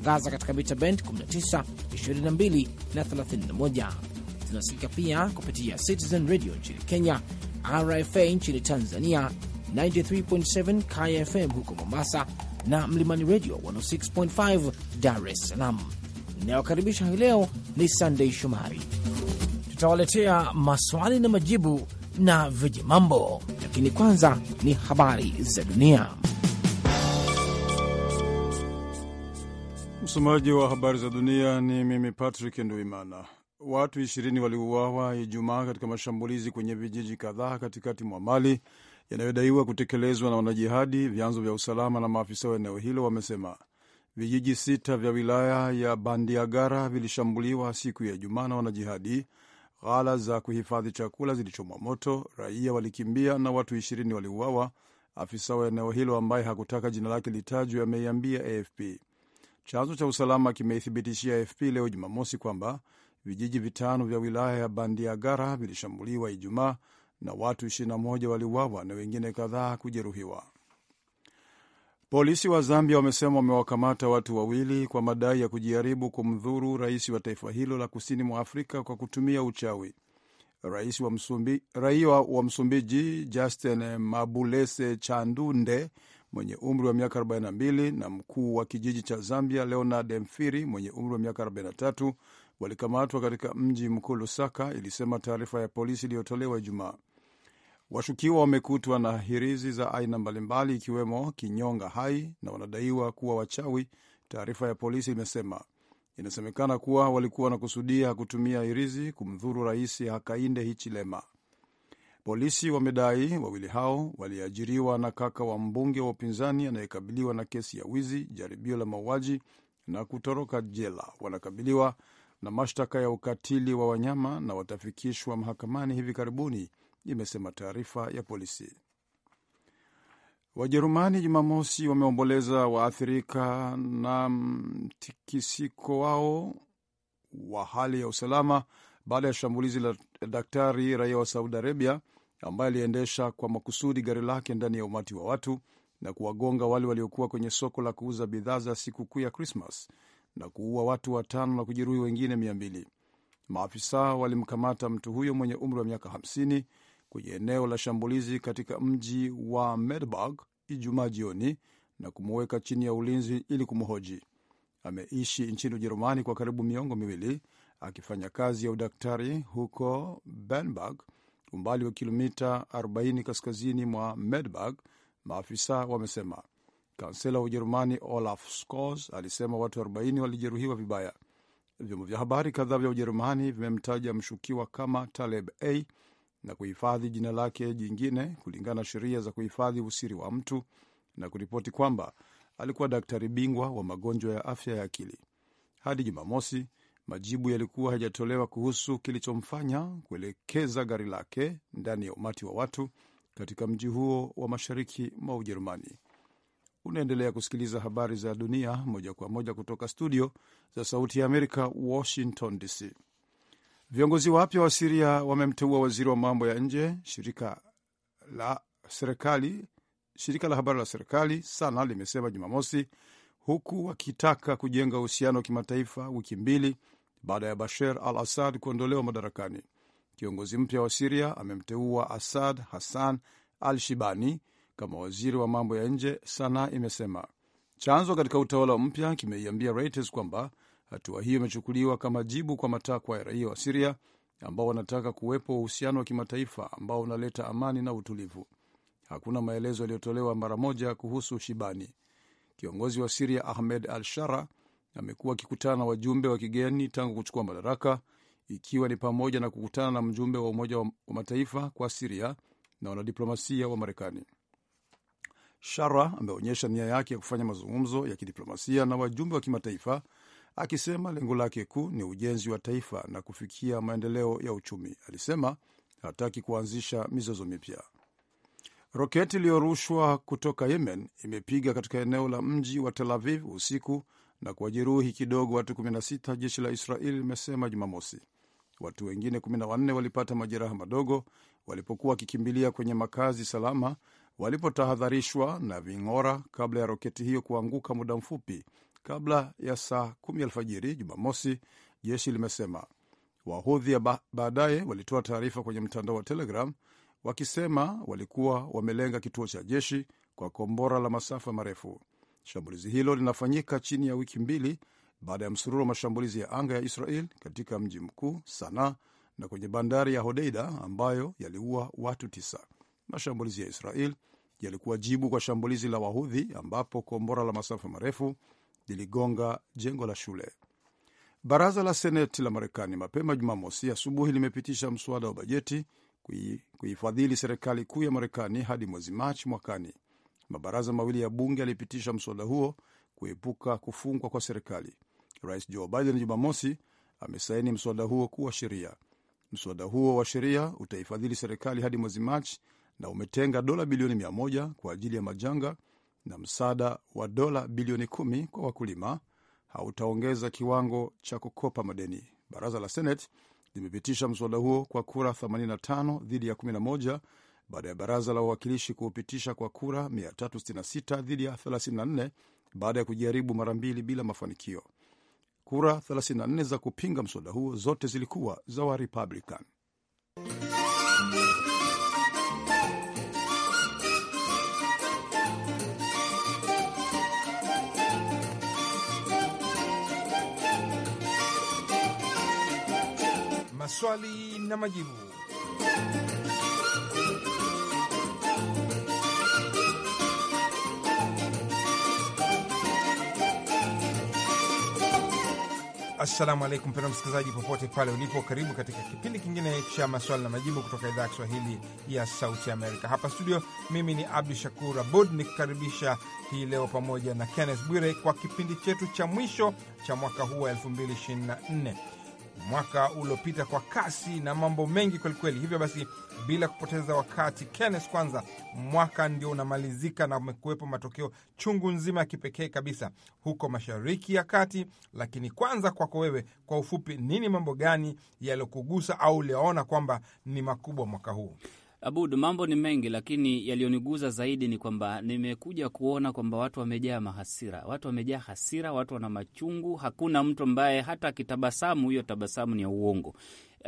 tunatangaza katika mita bend 19, 22 na 31. Tunasikika pia kupitia Citizen Radio nchini Kenya, RFA nchini Tanzania, 93.7 KFM huko Mombasa na Mlimani Radio 106.5 Dar es Salaam. Inayokaribisha hii leo ni Sandei Shomari. Tutawaletea maswali na majibu na vijimambo, lakini kwanza ni habari za dunia. Msomaji wa habari za dunia ni mimi Patrick Nduimana. Watu ishirini waliuawa Ijumaa katika mashambulizi kwenye vijiji kadhaa katikati mwa Mali yanayodaiwa kutekelezwa na wanajihadi, vyanzo vya usalama na maafisa wa eneo hilo wamesema. Vijiji sita vya wilaya ya Bandiagara vilishambuliwa siku ya Ijumaa na wanajihadi. Ghala za kuhifadhi chakula zilichomwa moto, raia walikimbia na watu ishirini waliuawa. Afisa wa eneo hilo ambaye hakutaka jina lake litajwe ameiambia AFP Chanzo cha usalama kimeithibitishia AFP leo Jumamosi kwamba vijiji vitano vya wilaya ya Bandiagara vilishambuliwa Ijumaa na watu 21 waliuawa na wengine kadhaa kujeruhiwa. Polisi wa Zambia wamesema wamewakamata watu wawili kwa madai ya kujaribu kumdhuru rais wa taifa hilo la kusini mwa Afrika kwa kutumia uchawi. Rais wa raia wa Msumbiji Justin Mabulese Chandunde mwenye umri wa miaka 42 na mkuu wa kijiji cha Zambia Leonard Mfiri mwenye umri wa miaka 43 walikamatwa katika mji mkuu Lusaka, ilisema taarifa ya polisi iliyotolewa Ijumaa. Washukiwa wamekutwa na hirizi za aina mbalimbali ikiwemo kinyonga hai na wanadaiwa kuwa wachawi, taarifa ya polisi imesema. Inasemekana kuwa walikuwa wanakusudia kutumia hirizi kumdhuru Rais Hakainde Hichilema. Polisi wamedai wawili hao waliajiriwa na kaka wa mbunge wa upinzani anayekabiliwa na kesi ya wizi, jaribio la mauaji na kutoroka jela. Wanakabiliwa na mashtaka ya ukatili wa wanyama na watafikishwa mahakamani hivi karibuni, imesema taarifa ya polisi. Wajerumani Jumamosi wameomboleza waathirika na mtikisiko wao wa hali ya usalama baada ya shambulizi la daktari raia wa Saudi Arabia ambaye aliendesha kwa makusudi gari lake ndani ya umati wa watu na kuwagonga wale waliokuwa kwenye soko la kuuza bidhaa za sikukuu ya Krismas na kuua watu watano na kujeruhi wengine mia mbili. Maafisa walimkamata mtu huyo mwenye umri wa miaka 50 kwenye eneo la shambulizi katika mji wa Medburg Ijumaa jioni na kumuweka chini ya ulinzi ili kumhoji. Ameishi nchini Ujerumani kwa karibu miongo miwili akifanya kazi ya udaktari huko Bernburg umbali wa kilomita 40 kaskazini mwa medburg maafisa wamesema. Kansela wa Ujerumani Olaf Scholz alisema watu 40 walijeruhiwa vibaya. Vyombo vya habari kadhaa vya Ujerumani vimemtaja mshukiwa kama Taleb A na kuhifadhi jina lake jingine kulingana na sheria za kuhifadhi usiri wa mtu na kuripoti kwamba alikuwa daktari bingwa wa magonjwa ya afya ya akili. Hadi Jumamosi, majibu yalikuwa hajatolewa kuhusu kilichomfanya kuelekeza gari lake ndani ya umati wa watu katika mji huo wa mashariki mwa Ujerumani. Unaendelea kusikiliza habari za dunia moja kwa moja kutoka studio za Sauti ya Amerika, Washington DC. Viongozi wapya wa Siria wamemteua waziri wa mambo ya nje. Shirika la serikali shirika la habari la serikali SANA limesema Jumamosi, huku wakitaka kujenga uhusiano wa kimataifa wiki mbili baada ya Bashar al Assad kuondolewa madarakani. Kiongozi mpya wa Siria amemteua Asad Hassan al Shibani kama waziri wa mambo ya nje, sana imesema. Chanzo katika utawala mpya kimeiambia Reuters kwamba hatua hiyo imechukuliwa kama jibu kwa matakwa ya raia wa Siria ambao wanataka kuwepo uhusiano wa kimataifa ambao unaleta amani na utulivu. Hakuna maelezo yaliyotolewa mara moja kuhusu Shibani. Kiongozi wa Siria Ahmed al Shara amekuwa akikutana na wajumbe wa kigeni tangu kuchukua madaraka, ikiwa ni pamoja na kukutana na mjumbe wa Umoja wa Mataifa kwa Siria na wanadiplomasia wa Marekani. Shara ameonyesha nia yake ya kufanya mazungumzo ya kidiplomasia na wajumbe wa kimataifa, akisema lengo lake kuu ni ujenzi wa taifa na kufikia maendeleo ya uchumi. Alisema hataki kuanzisha mizozo mipya. Roketi iliyorushwa kutoka Yemen imepiga katika eneo la mji wa Tel Aviv usiku na kuwajeruhi kidogo watu 16, jeshi la israel limesema Jumamosi. Watu wengine 14 walipata majeraha madogo walipokuwa wakikimbilia kwenye makazi salama walipotahadharishwa na ving'ora kabla ya roketi hiyo kuanguka muda mfupi kabla ya saa kumi alfajiri Jumamosi, jeshi limesema. Wahudhi baadaye walitoa taarifa kwenye mtandao wa Telegram wakisema walikuwa wamelenga kituo cha jeshi kwa kombora la masafa marefu. Shambulizi hilo linafanyika chini ya wiki mbili baada ya msururu wa mashambulizi ya anga ya Israel katika mji mkuu Sanaa na kwenye bandari ya Hodeida ambayo yaliua watu tisa. Mashambulizi ya Israel yalikuwa jibu kwa shambulizi la Wahudhi ambapo kombora la masafa marefu liligonga jengo la shule. Baraza la Seneti la Marekani mapema Jumamosi asubuhi limepitisha mswada wa bajeti kuifadhili serikali kuu ya Marekani hadi mwezi Machi mwakani mabaraza mawili ya bunge yalipitisha mswada huo kuepuka kufungwa kwa serikali. Rais Joe Biden Jumamosi amesaini mswada huo kuwa sheria. Mswada huo wa sheria utaifadhili serikali hadi mwezi Machi na umetenga dola bilioni mia moja kwa ajili ya majanga na msaada wa dola bilioni kumi kwa wakulima. Hautaongeza kiwango cha kukopa madeni. Baraza la senate limepitisha mswada huo kwa kura 85 dhidi ya 11 baada ya baraza la wawakilishi kuupitisha kwa kura 366 dhidi ya 34 baada ya kujaribu mara mbili bila mafanikio. Kura 34 za kupinga mswada huo zote zilikuwa za Warepublican. Maswali na majibu. Assalamu alaikum pena msikilizaji, popote pale ulipo, karibu katika kipindi kingine cha maswali na majibu kutoka idhaa ya Kiswahili ya Sauti Amerika. Hapa studio, mimi ni Abdu Shakur Abud nikukaribisha hii leo pamoja na Kenneth Bwire kwa kipindi chetu cha mwisho cha mwaka huu wa 2024 mwaka uliopita kwa kasi na mambo mengi kwelikweli. Hivyo basi, bila kupoteza wakati, Kenneth, kwanza mwaka ndio unamalizika na umekuwepo matokeo chungu nzima ya kipekee kabisa huko Mashariki ya Kati, lakini kwanza kwako wewe, kwa ufupi, nini mambo gani yaliyokugusa au uliyaona kwamba ni makubwa mwaka huu? Abud, mambo ni mengi, lakini yaliyoniguza zaidi ni kwamba nimekuja kuona kwamba watu wamejaa mahasira, watu wamejaa hasira, watu wana machungu. Hakuna mtu ambaye hata akitabasamu, hiyo tabasamu ni ya uongo.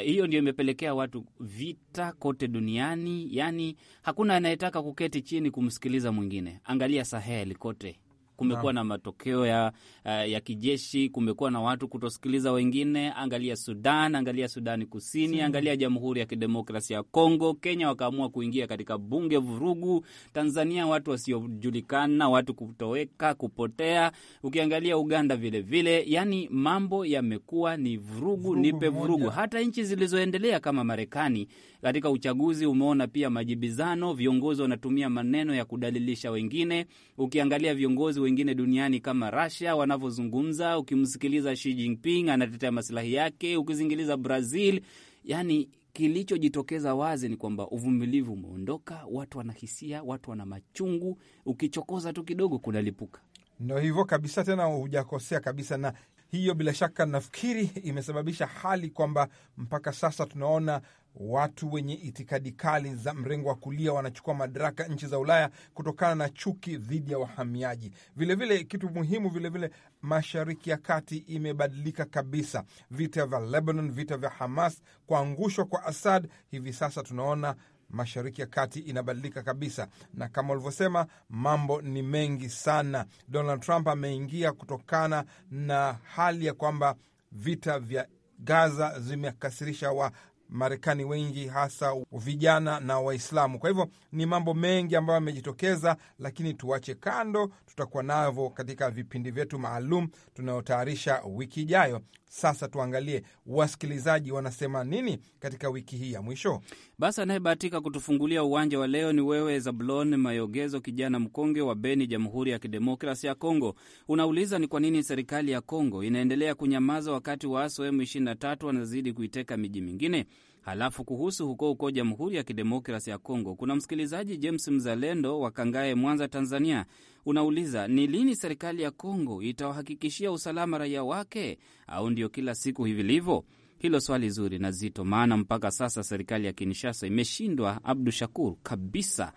Hiyo ndio imepelekea watu vita kote duniani, yaani hakuna anayetaka kuketi chini kumsikiliza mwingine. Angalia Saheli kote kumekuwa na matokeo ya, eh, ya kijeshi, kumekuwa na watu kutosikiliza wengine. Angalia Sudan, angalia Sudani Kusini Sini. Angalia Jamhuri ya Kidemokrasia ya Kongo, Kenya wakaamua kuingia katika bunge, vurugu. Tanzania watu wasiojulikana, watu kutoweka, kupotea. Ukiangalia Uganda vilevile vile. Yani mambo yamekuwa ni vurugu, vurugu nipe vurugu moja. Hata nchi zilizoendelea kama Marekani katika uchaguzi umeona pia majibizano, viongozi wanatumia maneno ya kudalilisha wengine. Ukiangalia viongozi wengine duniani kama Russia wanavyozungumza. Ukimsikiliza Xi Jinping anatetea masilahi yake, ukizingiliza Brazil, yani kilichojitokeza wazi ni kwamba uvumilivu umeondoka, watu wana hisia, watu wana machungu, ukichokoza tu kidogo kunalipuka. Ndo hivyo kabisa, tena hujakosea kabisa. Na hiyo bila shaka nafikiri imesababisha hali kwamba mpaka sasa tunaona Watu wenye itikadi kali za mrengo wa kulia wanachukua madaraka nchi za Ulaya kutokana na chuki dhidi ya wahamiaji. Vilevile vile, kitu muhimu vilevile vile, mashariki ya kati imebadilika kabisa. Vita vya Lebanon, vita vya Hamas, kuangushwa kwa Assad, hivi sasa tunaona mashariki ya kati inabadilika kabisa, na kama ulivyosema, mambo ni mengi sana. Donald Trump ameingia kutokana na hali ya kwamba vita vya Gaza zimekasirisha wa Marekani wengi hasa vijana na Waislamu. Kwa hivyo ni mambo mengi ambayo yamejitokeza, lakini tuache kando, tutakuwa navyo katika vipindi vyetu maalum tunayotayarisha wiki ijayo. Sasa tuangalie wasikilizaji wanasema nini katika wiki hii ya mwisho. Basi anayebahatika kutufungulia uwanja wa leo ni wewe Zablon Mayogezo, kijana mkonge wa Beni, Jamhuri ya Kidemokrasi ya Kongo. Unauliza ni kwa nini serikali ya Kongo inaendelea kunyamaza wakati waasi wa M23 wanazidi kuiteka miji mingine. Halafu kuhusu huko huko Jamhuri ya Kidemokrasi ya Kongo, kuna msikilizaji James Mzalendo wa Kangae, Mwanza, Tanzania, unauliza ni lini serikali ya Kongo itawahakikishia usalama raia wake, au ndio kila siku hivi livo Hilo swali zuri na zito, maana mpaka sasa serikali ya Kinshasa imeshindwa, Abdu Shakur, kabisa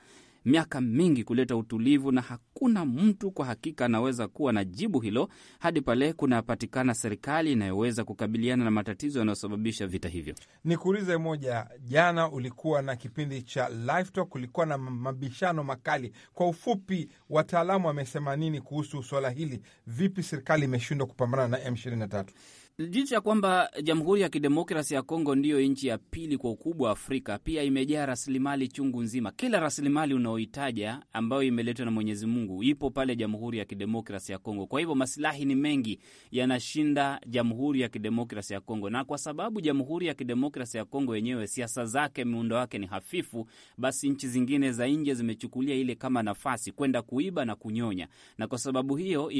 miaka mingi kuleta utulivu, na hakuna mtu kwa hakika anaweza kuwa na jibu hilo hadi pale kunapatikana serikali inayoweza kukabiliana na matatizo yanayosababisha vita hivyo. Nikuulize moja, jana ulikuwa na kipindi cha Live Talk, kulikuwa na mabishano makali. Kwa ufupi, wataalamu wamesema nini kuhusu swala hili? Vipi serikali imeshindwa kupambana na M23? licha ya kwamba Jamhuri ya Kidemokrasi ya Kongo ndiyo nchi ya pili kwa ukubwa wa Afrika, pia imejaa rasilimali chungu nzima. Kila rasilimali unaohitaja ambayo imeletwa na Mwenyezi Mungu ipo pale Jamhuri ya Kidemokrasi ya Kongo. Kwa hivyo masilahi ni mengi yanashinda Jamhuri ya Kidemokrasi ya Kongo, na kwa sababu Jamhuri ya Kidemokrasi ya Kongo yenyewe siasa zake, muundo wake ni hafifu, basi nchi zingine za nje zimechukulia ile kama nafasi kwenda kuiba na kunyonya, na kwa sababu hiyo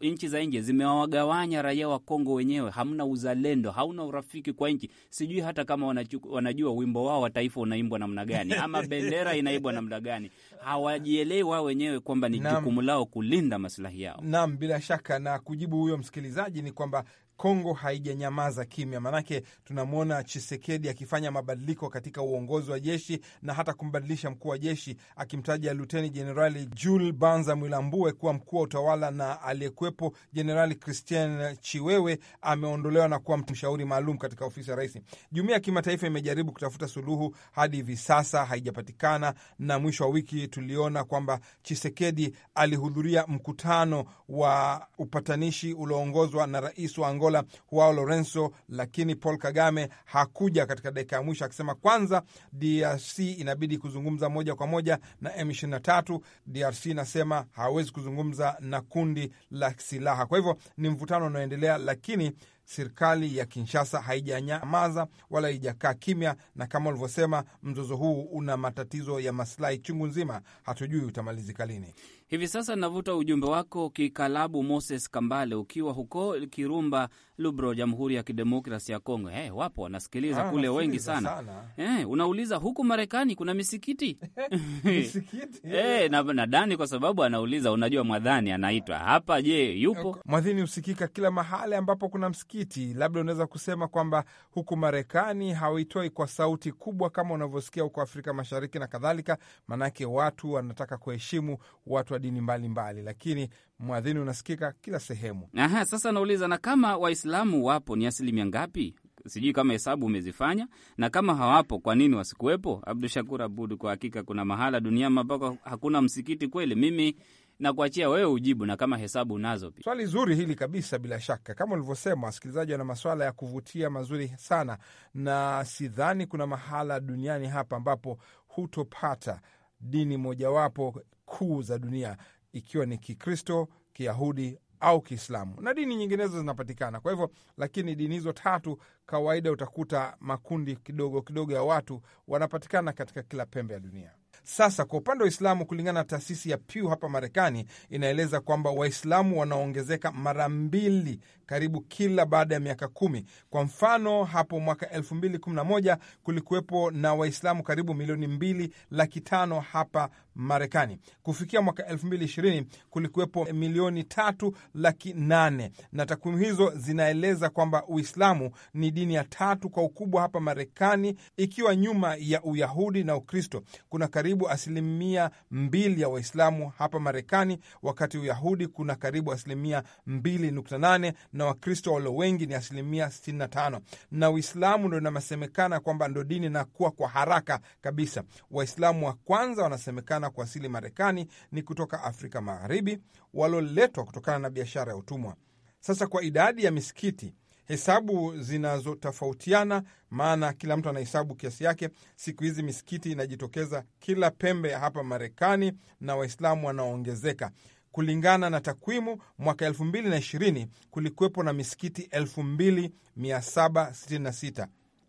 nchi za nje zimewagawanya raia wa Kongo wenyewe hamna uzalendo, hauna urafiki kwa nchi. Sijui hata kama wanajua, wanajua wimbo wao wa taifa unaimbwa namna gani ama bendera inaimbwa namna gani. Hawajielewi wao wenyewe kwamba ni jukumu lao kulinda masilahi yao. Naam, bila shaka. Na kujibu huyo msikilizaji ni kwamba Kongo haijanyamaza kimya, maanake tunamwona Chisekedi akifanya mabadiliko katika uongozi wa jeshi na hata kumbadilisha mkuu wa jeshi akimtaja Luteni Jenerali Jules Banza Mwilambue kuwa mkuu wa utawala na aliyekuwepo Jenerali Christian Chiwewe ameondolewa na kuwa mshauri maalum katika ofisi ya rais. Jumuiya ya kimataifa imejaribu kutafuta suluhu, hadi hivi sasa haijapatikana, na mwisho wa wiki tuliona kwamba Chisekedi alihudhuria mkutano wa upatanishi ulioongozwa na rais wa Angola Huao Lorenzo, lakini Paul Kagame hakuja katika dakika ya mwisho, akisema kwanza DRC inabidi kuzungumza moja kwa moja na M23. DRC inasema hawezi kuzungumza na kundi la silaha. Kwa hivyo ni mvutano unaoendelea, lakini serikali ya Kinshasa haijanyamaza wala haijakaa kimya, na kama ulivyosema, mzozo huu una matatizo ya masilahi chungu nzima, hatujui utamalizika lini. Hivi sasa navuta ujumbe wako kikalabu Moses Kambale, ukiwa huko Kirumba Lubro, Jamhuri ya Kidemokrasi ya Kongo. Hey, eh, wapo wanasikiliza ah, kule wengi sana, sana. Hey, eh, unauliza huku Marekani kuna misikiti misikiti hey, eh, na, na Dani kwa sababu anauliza, unajua mwadhani anaitwa hapa. Je, yupo mwadhini? Husikika kila mahali ambapo kuna msikiti. Labda unaweza kusema kwamba huku Marekani hawitoi kwa sauti kubwa kama unavyosikia huko Afrika Mashariki na kadhalika, maanake watu wanataka kuheshimu watu wa dini mbalimbali mbali. Lakini mwadhini unasikika kila sehemu. Aha, sasa nauliza na kama wa Waislamu wapo ni asilimia ngapi? Sijui kama hesabu umezifanya, na kama hawapo, kwa nini wasikuwepo? Abdu Shakur Abud, kwa hakika kuna mahala dunia ambako hakuna msikiti kweli? Mimi nakuachia wewe ujibu, na kama hesabu unazo pia. Swali zuri hili kabisa. Bila shaka, kama ulivyosema, wasikilizaji wana maswala ya kuvutia mazuri sana, na sidhani kuna mahala duniani hapa ambapo hutopata dini mojawapo kuu za dunia, ikiwa ni Kikristo, Kiyahudi au Kiislamu na dini nyinginezo zinapatikana. Kwa hivyo, lakini dini hizo tatu kawaida utakuta makundi kidogo kidogo ya watu wanapatikana katika kila pembe ya dunia. Sasa kwa upande wa Uislamu, kulingana na taasisi ya Pew hapa Marekani, inaeleza kwamba Waislamu wanaongezeka mara mbili karibu kila baada ya miaka kumi. Kwa mfano, hapo mwaka 2011 kulikuwepo na Waislamu karibu milioni mbili laki tano hapa Marekani. Kufikia mwaka 2020 kulikuwepo milioni tatu laki nane na takwimu hizo zinaeleza kwamba Uislamu ni dini ya tatu kwa ukubwa hapa Marekani, ikiwa nyuma ya Uyahudi na Ukristo. Kuna karibu asilimia mbili ya Waislamu hapa Marekani, wakati Uyahudi kuna karibu asilimia mbili nukta nane na na Wakristo walio wengi ni asilimia 65, na Uislamu ndo inasemekana kwamba ndo dini inakuwa kwa haraka kabisa. Waislamu wa kwanza wanasemekana kuasili Marekani ni kutoka Afrika Magharibi, walioletwa kutokana na biashara ya utumwa. Sasa kwa idadi ya misikiti hesabu zinazotofautiana, maana kila mtu anahesabu kiasi yake. Siku hizi misikiti inajitokeza kila pembe ya hapa Marekani na Waislamu wanaongezeka. Kulingana na takwimu, mwaka 2020 kulikuwepo na misikiti 2766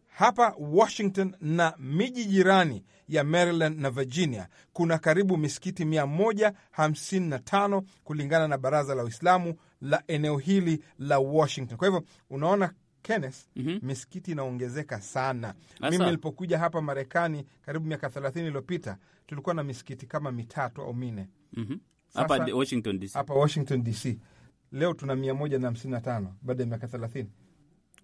hapa Washington na miji jirani ya Maryland na Virginia kuna karibu misikiti 155 kulingana na Baraza la Uislamu la eneo hili la Washington. Kwa hivyo unaona Kenneth, mm -hmm. Misikiti inaongezeka sana. Mimi nilipokuja hapa Marekani karibu miaka 30 iliyopita tulikuwa na misikiti kama mitatu au minne. mm -hmm hapa Washington DC, hapa Washington DC leo tuna mia moja na hamsini na tano baada ya miaka thelathini.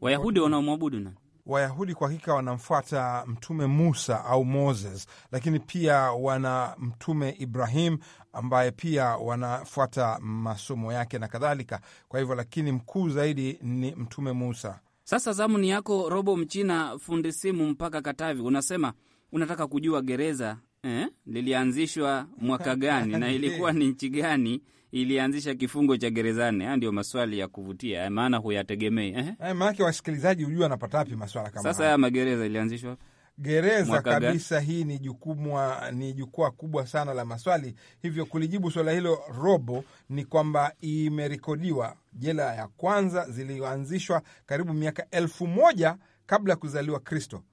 Wayahudi wanaomwabudu na Wayahudi kwa hakika wanamfuata Mtume Musa au Moses, lakini pia wana Mtume Ibrahim ambaye pia wanafuata masomo yake na kadhalika. Kwa hivyo, lakini mkuu zaidi ni Mtume Musa. Sasa zamu ni yako, Robo Mchina fundi simu mpaka Katavi. Unasema unataka kujua gereza eh, lilianzishwa mwaka gani na ilikuwa ni nchi gani ilianzisha kifungo cha gerezani? Haya ndio maswali ya kuvutia, eh, maana huyategemei eh. eh maanake wasikilizaji hujua anapata wapi maswala kama sasa. Haya magereza ilianzishwa gereza mwaka kabisa gani? Hii ni jukwaa ni jukwaa kubwa sana la maswali, hivyo kulijibu swala hilo robo ni kwamba imerekodiwa jela ya kwanza zilianzishwa karibu miaka elfu moja kabla ya kuzaliwa Kristo.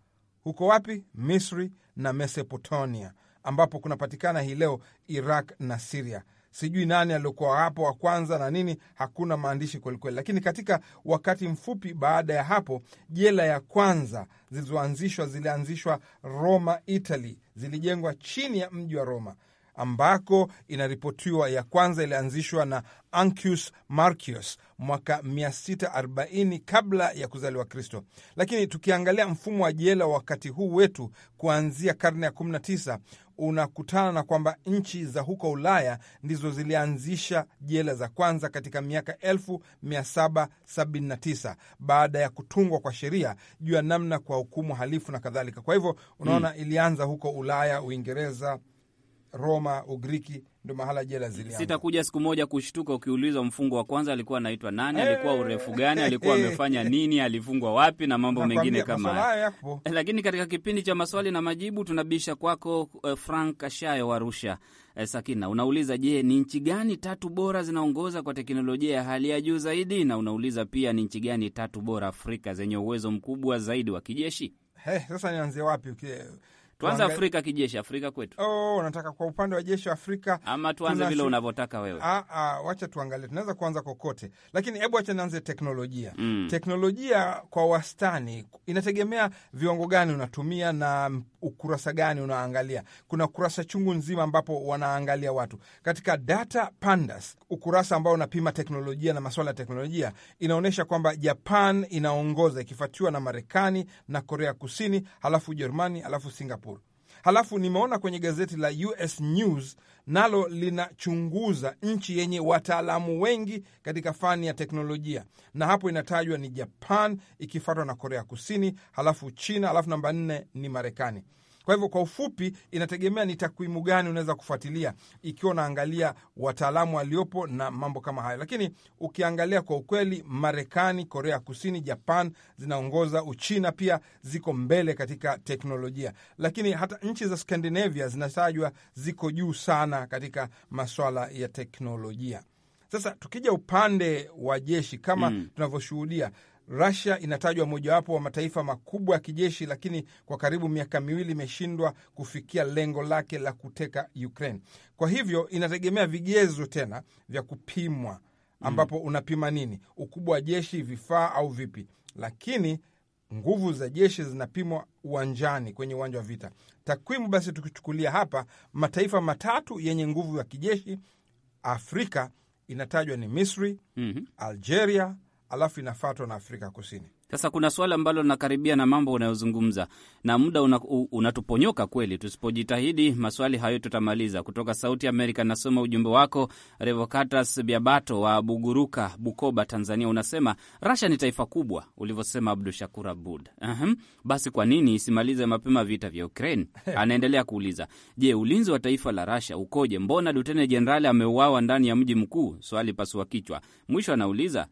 Huko wapi? Misri na Mesopotamia, ambapo kunapatikana hii leo Iraq na Siria. Sijui nani aliokuwa hapo wa kwanza na nini, hakuna maandishi kwelikweli, lakini katika wakati mfupi baada ya hapo, jela ya kwanza zilizoanzishwa zilianzishwa Roma, Italy, zilijengwa chini ya mji wa Roma ambako inaripotiwa ya kwanza ilianzishwa na Ancus Marcius mwaka 640 kabla ya kuzaliwa Kristo. Lakini tukiangalia mfumo wa jela wakati huu wetu kuanzia karne ya 19 unakutana na kwamba nchi za huko Ulaya ndizo zilianzisha jela za kwanza katika miaka 1779 baada ya kutungwa kwa sheria juu ya namna kwa hukumu halifu na kadhalika. Kwa hivyo unaona, hmm, ilianza huko Ulaya, Uingereza Roma, Ugiriki ndo mahala jela zilianza. Sitakuja siku moja kushtuka ukiulizwa mfungo wa kwanza alikuwa anaitwa nani, eh. alikuwa urefu gani, alikuwa eh. amefanya nini, alifungwa wapi na mambo mengine kama hayo. Eh, lakini katika kipindi cha maswali na majibu tunabisha kwako Frank Kashayo wa Arusha. Sakina unauliza, je, ni nchi gani tatu bora zinaongoza kwa teknolojia ya hali ya juu zaidi? Na unauliza pia ni nchi gani tatu bora Afrika zenye uwezo mkubwa zaidi wa kijeshi. Hey, sasa nianzie wapi? Tuanze Afrika kijeshi, Afrika kwetu. Oh, unataka kwa upande wa jeshi Afrika ama tuanze vile unavyotaka wewe? Ah, ah, wacha tuangalie, tunaweza kuanza kokote, lakini hebu wacha nianze teknolojia. Mm. Teknolojia kwa wastani inategemea viwango gani unatumia na ukurasa gani unaangalia. Kuna kurasa chungu nzima ambapo wanaangalia watu katika data pandas, ukurasa ambao unapima teknolojia na masuala ya teknolojia, inaonyesha kwamba Japan inaongoza ikifuatiwa na Marekani na Korea Kusini, halafu Ujerumani, halafu Singapore. Halafu nimeona kwenye gazeti la US News nalo linachunguza nchi yenye wataalamu wengi katika fani ya teknolojia, na hapo inatajwa ni Japan ikifuatwa na Korea Kusini, halafu China, halafu namba nne ni Marekani. Kwa hivyo kwa ufupi, inategemea ni takwimu gani unaweza kufuatilia, ikiwa unaangalia wataalamu waliopo na mambo kama hayo. Lakini ukiangalia kwa ukweli, Marekani, Korea Kusini, Japan zinaongoza, Uchina pia ziko mbele katika teknolojia, lakini hata nchi za Skandinavia zinatajwa ziko juu sana katika maswala ya teknolojia. Sasa tukija upande wa jeshi kama mm, tunavyoshuhudia Rusia inatajwa mojawapo wa mataifa makubwa ya kijeshi, lakini kwa karibu miaka miwili imeshindwa kufikia lengo lake la kuteka Ukraine. Kwa hivyo inategemea vigezo tena vya kupimwa, mm. ambapo unapima nini, ukubwa wa jeshi, vifaa au vipi, lakini nguvu za jeshi zinapimwa uwanjani, kwenye uwanja wa vita. Takwimu basi, tukichukulia hapa mataifa matatu yenye nguvu ya kijeshi Afrika inatajwa ni Misri, mm -hmm. Algeria alafu inafatwa na Afrika Kusini. Sasa kuna swala ambalo linakaribia na mambo unayozungumza na muda una, unatuponyoka kweli. Tusipojitahidi maswali hayo tutamaliza. Kutoka Sauti Amerika nasoma ujumbe wako Revocatus Biabato wa Buguruka, Bukoba, Tanzania. Unasema Rasha ni taifa kubwa, ulivyosema Abdu Shakur Abud. Uhum. Basi kwa nini isimalize mapema vita vya Ukraine? Anaendelea kuuliza, je, ulinzi wa taifa la Rasha ukoje? Mbona luteni jenerali ameuawa ndani ya mji mkuu? Swali pasua kichwa. Mwisho anauliza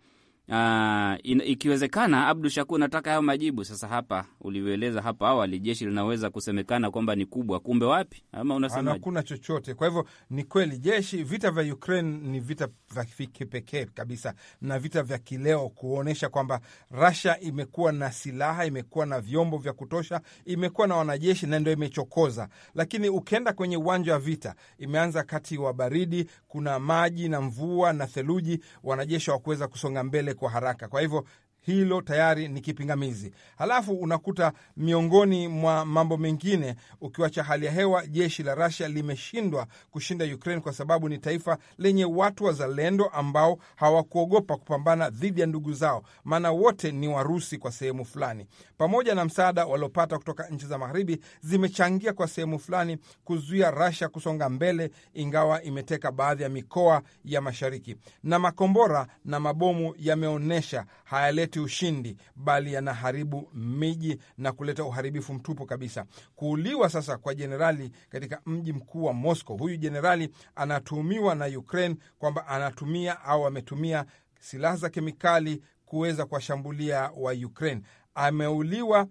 uh, ikiwezekana, Abdu Shakur, nataka hayo majibu sasa. Hapa ulivyoeleza hapo awali, jeshi linaweza kusemekana kwamba ni kubwa, kumbe wapi? Ama unasema hakuna chochote? Kwa hivyo ni kweli jeshi, vita vya Ukraine ni vita vya kipekee kabisa na vita vya kileo, kuonyesha kwamba Russia imekuwa na silaha, imekuwa na vyombo vya kutosha, imekuwa na wanajeshi na ndio imechokoza. Lakini ukienda kwenye uwanja wa vita, imeanza kati wa baridi, kuna maji na mvua na theluji, wanajeshi hawakuweza kusonga mbele kwa haraka. Kwa hivyo hilo tayari ni kipingamizi. Halafu unakuta miongoni mwa mambo mengine, ukiwacha hali ya hewa, jeshi la Rasia limeshindwa kushinda Ukraine kwa sababu ni taifa lenye watu wazalendo ambao hawakuogopa kupambana dhidi ya ndugu zao, maana wote ni Warusi kwa sehemu fulani. Pamoja na msaada waliopata kutoka nchi za Magharibi, zimechangia kwa sehemu fulani kuzuia Rasia kusonga mbele, ingawa imeteka baadhi ya mikoa ya mashariki, na makombora na mabomu yameonyesha hayaleti hayaleti ushindi, bali yanaharibu miji na kuleta uharibifu mtupu kabisa. Kuuliwa sasa kwa jenerali katika mji mkuu wa Moscow, huyu jenerali anatuhumiwa na Ukraine kwamba anatumia au ametumia silaha za kemikali kuweza kuwashambulia wa Ukraine. Ameuliwa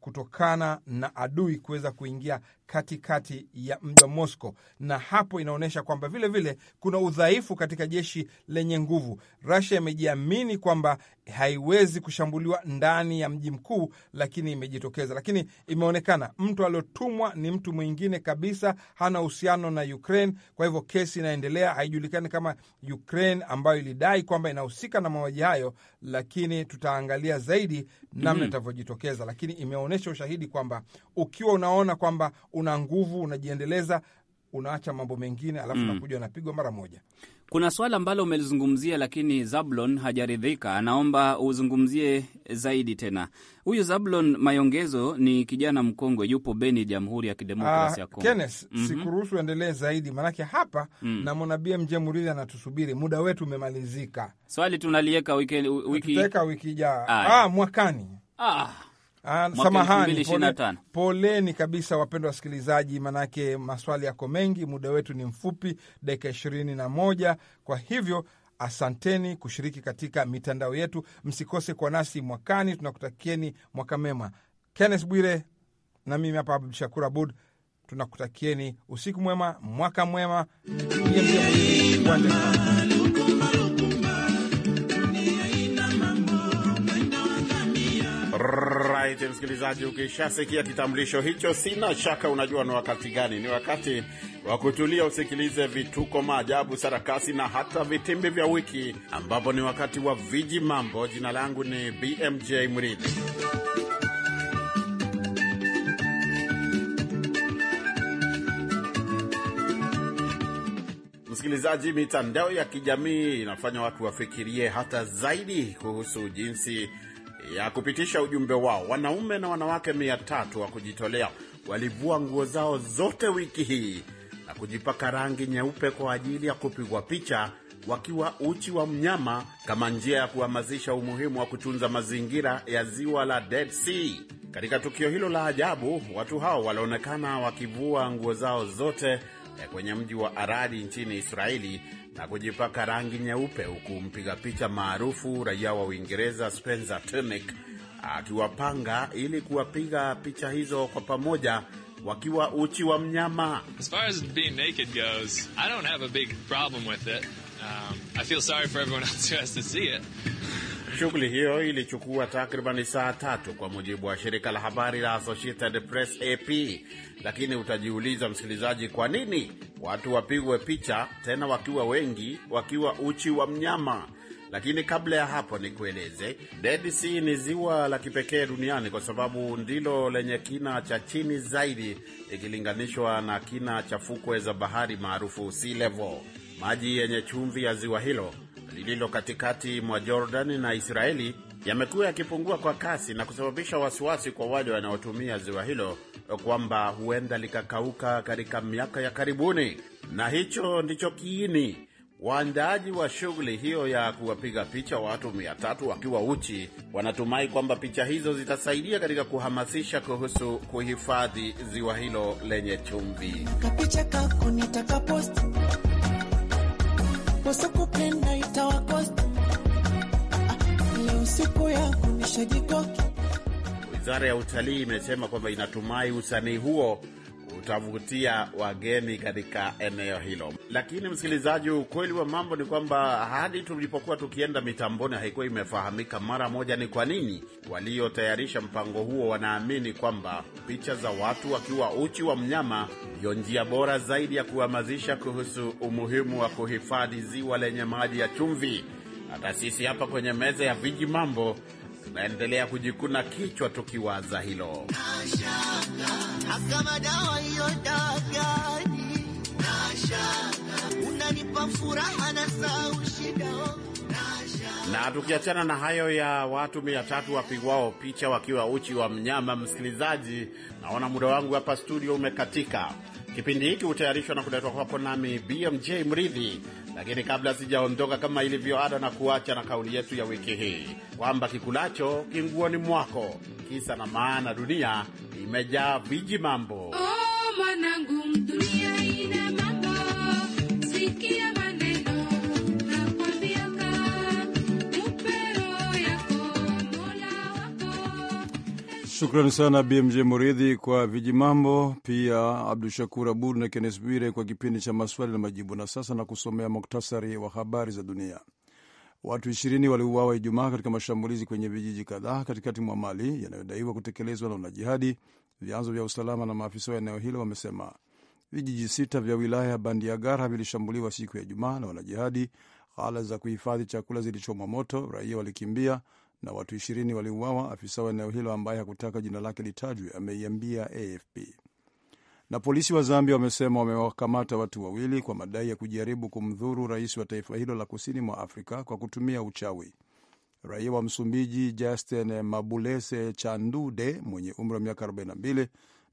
kutokana na adui kuweza kuingia katikati ya mji wa Moscow, na hapo inaonyesha kwamba vile vile kuna udhaifu katika jeshi lenye nguvu. rasia imejiamini kwamba haiwezi kushambuliwa ndani ya mji mkuu, lakini imejitokeza. Lakini imeonekana mtu aliotumwa ni mtu mwingine kabisa, hana uhusiano na Ukraine. Kwa hivyo kesi inaendelea, haijulikani kama Ukraine ambayo ilidai kwamba inahusika na mauaji hayo, lakini tutaangalia zaidi namna mm -hmm. itavyojitokeza. Lakini imeonyesha ushahidi kwamba ukiwa unaona kwamba una nguvu, unajiendeleza, unaacha mambo mengine, alafu mm. nakuja napigwa mara moja. Kuna swala ambalo umelizungumzia lakini Zablon hajaridhika, anaomba uzungumzie zaidi tena. Huyu Zablon Mayongezo ni kijana mkongwe, yupo Beni, Jamhuri ya Kidemokrasi ya ah, Kongo. Kenneth, mm -hmm. sikuruhusu endelee zaidi, maanake hapa mm. namwona BMJ Muridhi anatusubiri, muda wetu umemalizika. Swali tunaliweka wiki tutaweka wiki ijayo, ah, mwakani ah. Ah, samahani, poleni kabisa wapendwa wasikilizaji, manake maswali yako mengi, muda wetu ni mfupi, dakika ishirini na moja. Kwa hivyo asanteni kushiriki katika mitandao yetu, msikose kwa nasi mwakani, tunakutakieni mwaka mema. Kenneth Bwire na mimi hapa Abdu Shakur Abud tunakutakieni usiku mwema, mwaka mwema. right, msikilizaji, ukishasikia kitambulisho hicho, sina shaka unajua ni wakati gani. Ni wakati wa kutulia, usikilize vituko, maajabu, sarakasi na hata vitimbi vya wiki, ambapo ni wakati wa viji mambo. Jina langu ni BMJ Mridhi. Msikilizaji, mitandao ya kijamii inafanya watu wafikirie hata zaidi kuhusu jinsi ya kupitisha ujumbe wao. Wanaume na wanawake mia tatu wa kujitolea walivua nguo zao zote wiki hii na kujipaka rangi nyeupe kwa ajili ya kupigwa picha wakiwa uchi wa mnyama kama njia ya kuhamasisha umuhimu wa kutunza mazingira ya ziwa la Dead Sea. Katika tukio hilo la ajabu, watu hao walionekana wakivua nguo zao zote eh, kwenye mji wa Aradi nchini Israeli na kujipaka rangi nyeupe, huku mpiga picha maarufu raia wa Uingereza Spencer Tunick akiwapanga ili kuwapiga picha hizo kwa pamoja wakiwa uchi wa mnyama. As far as being naked goes, I don't have a big problem with it. Um, I feel sorry for everyone else who has to see it. Shughuli hiyo ilichukua takribani saa tatu kwa mujibu wa shirika la habari la Associated Press AP. Lakini utajiuliza msikilizaji, kwa nini watu wapigwe picha tena wakiwa wengi, wakiwa uchi wa mnyama? Lakini kabla ya hapo nikueleze, Dead Sea ni ziwa la kipekee duniani kwa sababu ndilo lenye kina cha chini zaidi ikilinganishwa na kina cha fukwe za bahari maarufu sea level. Maji yenye chumvi ya ziwa hilo lililo katikati mwa Jordan na Israeli yamekuwa yakipungua kwa kasi na kusababisha wasiwasi kwa wale wanaotumia ziwa hilo kwamba huenda likakauka katika miaka ya karibuni, na hicho ndicho kiini waandaaji wa shughuli hiyo ya kuwapiga picha watu mia tatu wakiwa uchi wanatumai kwamba picha hizo zitasaidia katika kuhamasisha kuhusu kuhifadhi ziwa hilo lenye chumvi wasokupenda itawakosta. Wizara ya utalii imesema kwamba inatumai usanii huo utavutia wageni katika eneo hilo. Lakini msikilizaji, ukweli wa mambo ni kwamba hadi tulipokuwa tukienda mitamboni haikuwa imefahamika mara moja ni kwa nini waliotayarisha mpango huo wanaamini kwamba picha za watu wakiwa uchi wa mnyama ndiyo njia bora zaidi ya kuhamasisha kuhusu umuhimu wa kuhifadhi ziwa lenye maji ya chumvi. Hata sisi hapa kwenye meza ya viji mambo tunaendelea kujikuna kichwa tukiwaza hilo. Oh, na tukiachana na hayo ya watu mia tatu wapigwao picha wakiwa uchi wa mnyama, msikilizaji, naona muda wangu hapa studio umekatika. Kipindi hiki hutayarishwa na kuletwa kwako nami BMJ Mridhi. Lakini kabla sijaondoka, kama ilivyo ada, na kuacha na kauli yetu ya wiki hii kwamba kikulacho kinguoni mwako, kisa na maana, dunia imejaa viji mambo. Oh, mwanangu dunia Shukrani sana BMJ Muridhi kwa vijimambo, pia Abdu Shakur Abud na Kennes Bwire kwa kipindi cha maswali na majibu. Na sasa na kusomea muktasari wa habari za dunia. Watu ishirini waliuawa Ijumaa katika mashambulizi kwenye vijiji kadhaa katikati mwa Mali yanayodaiwa kutekelezwa na wanajihadi, vyanzo vya usalama na maafisa wa eneo hilo wamesema. Vijiji sita vya wilaya ya Bandiagara vilishambuliwa siku ya Ijumaa na wanajihadi. Ghala za kuhifadhi chakula zilichomwa moto, raia walikimbia na watu ishirini waliuawa. Afisa wa eneo hilo ambaye hakutaka jina lake litajwe ameiambia AFP. Na polisi wa Zambia wamesema wamewakamata watu wawili kwa madai ya kujaribu kumdhuru rais wa taifa hilo la kusini mwa Afrika kwa kutumia uchawi. Raia wa Msumbiji Justin Mabulese Chandude mwenye umri wa miaka 42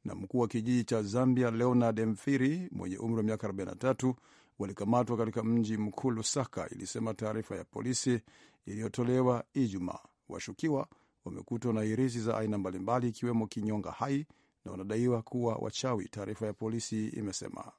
na mkuu wa kijiji cha Zambia Leonard Mfiri mwenye umri wa miaka 43 walikamatwa katika mji mkuu Lusaka, ilisema taarifa ya polisi iliyotolewa Ijumaa. Washukiwa wamekutwa na hirizi za aina mbalimbali ikiwemo kinyonga hai na wanadaiwa kuwa wachawi, taarifa ya polisi imesema.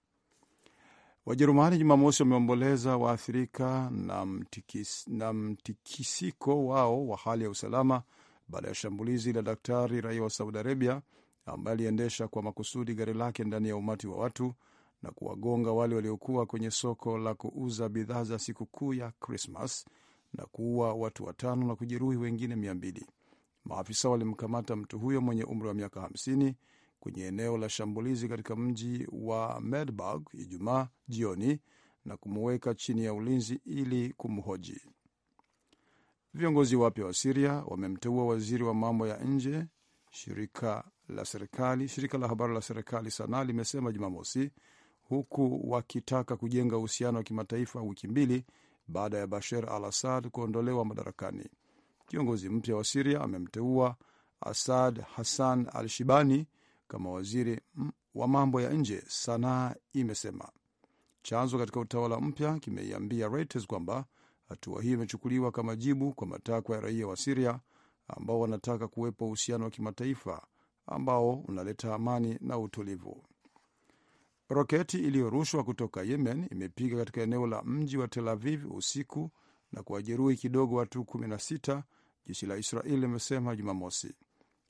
Wajerumani Jumamosi wameomboleza waathirika na, mtikis, na mtikisiko wao wa hali ya usalama baada ya shambulizi la daktari raia wa Saudi Arabia ambaye aliendesha kwa makusudi gari lake ndani ya umati wa watu na kuwagonga wale waliokuwa kwenye soko la kuuza bidhaa za sikukuu ya Krismas na kuua watu watano na kujeruhi wengine mia mbili. Maafisa walimkamata mtu huyo mwenye umri wa miaka hamsini kwenye eneo la shambulizi katika mji wa Medburg Ijumaa jioni na kumuweka chini ya ulinzi ili kumhoji. Viongozi wapya wa Siria wamemteua waziri wa mambo ya nje. Shirika la serikali shirika la habari la serikali SANA limesema Jumamosi, huku wakitaka kujenga uhusiano wa kimataifa wiki mbili baada ya Bashar al Assad kuondolewa madarakani. Kiongozi mpya wa Siria amemteua Asad Hassan al Shibani kama waziri wa mambo ya nje, Sanaa imesema. Chanzo katika utawala mpya kimeiambia Reuters kwamba hatua hiyo imechukuliwa kama jibu kwa matakwa ya raia wa Siria ambao wanataka kuwepo uhusiano wa kimataifa ambao unaleta amani na utulivu. Roketi iliyorushwa kutoka Yemen imepiga katika eneo la mji wa Tel Aviv usiku na kuwajeruhi kidogo watu 16, jeshi la israel limesema Jumamosi.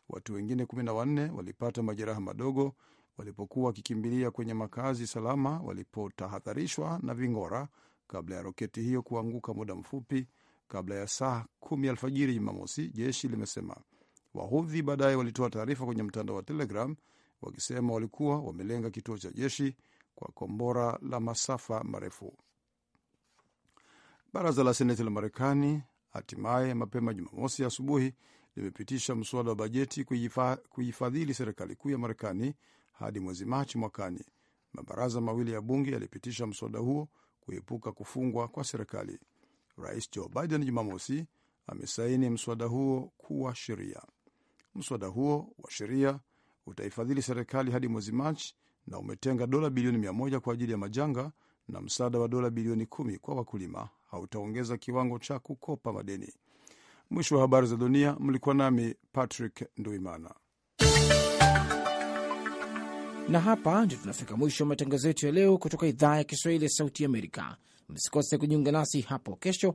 Watu wengine 14 walipata majeraha madogo walipokuwa wakikimbilia kwenye makazi salama walipotahadharishwa na ving'ora kabla ya roketi hiyo kuanguka muda mfupi kabla ya saa kumi alfajiri Jumamosi, jeshi limesema. Wahudhi baadaye walitoa taarifa kwenye mtandao wa Telegram wakisema walikuwa wamelenga kituo cha jeshi kwa kombora la masafa marefu. Baraza la Seneti la Marekani hatimaye mapema Jumamosi asubuhi limepitisha mswada wa bajeti kuifadhili serikali kuu ya Marekani hadi mwezi Machi mwakani. Mabaraza mawili ya bunge yalipitisha mswada huo kuepuka kufungwa kwa serikali. Rais Joe Biden Jumamosi amesaini mswada huo kuwa sheria. Mswada huo wa sheria utaifadhili serikali hadi mwezi Machi na umetenga dola bilioni mia moja kwa ajili ya majanga na msaada wa dola bilioni kumi kwa wakulima. Hautaongeza kiwango cha kukopa madeni. Mwisho wa habari za dunia. Mlikuwa nami Patrick Nduimana, na hapa ndio tunafika mwisho wa matangazo yetu ya leo kutoka idhaa ya Kiswahili ya Sauti Amerika. Msikose kujiunga nasi hapo kesho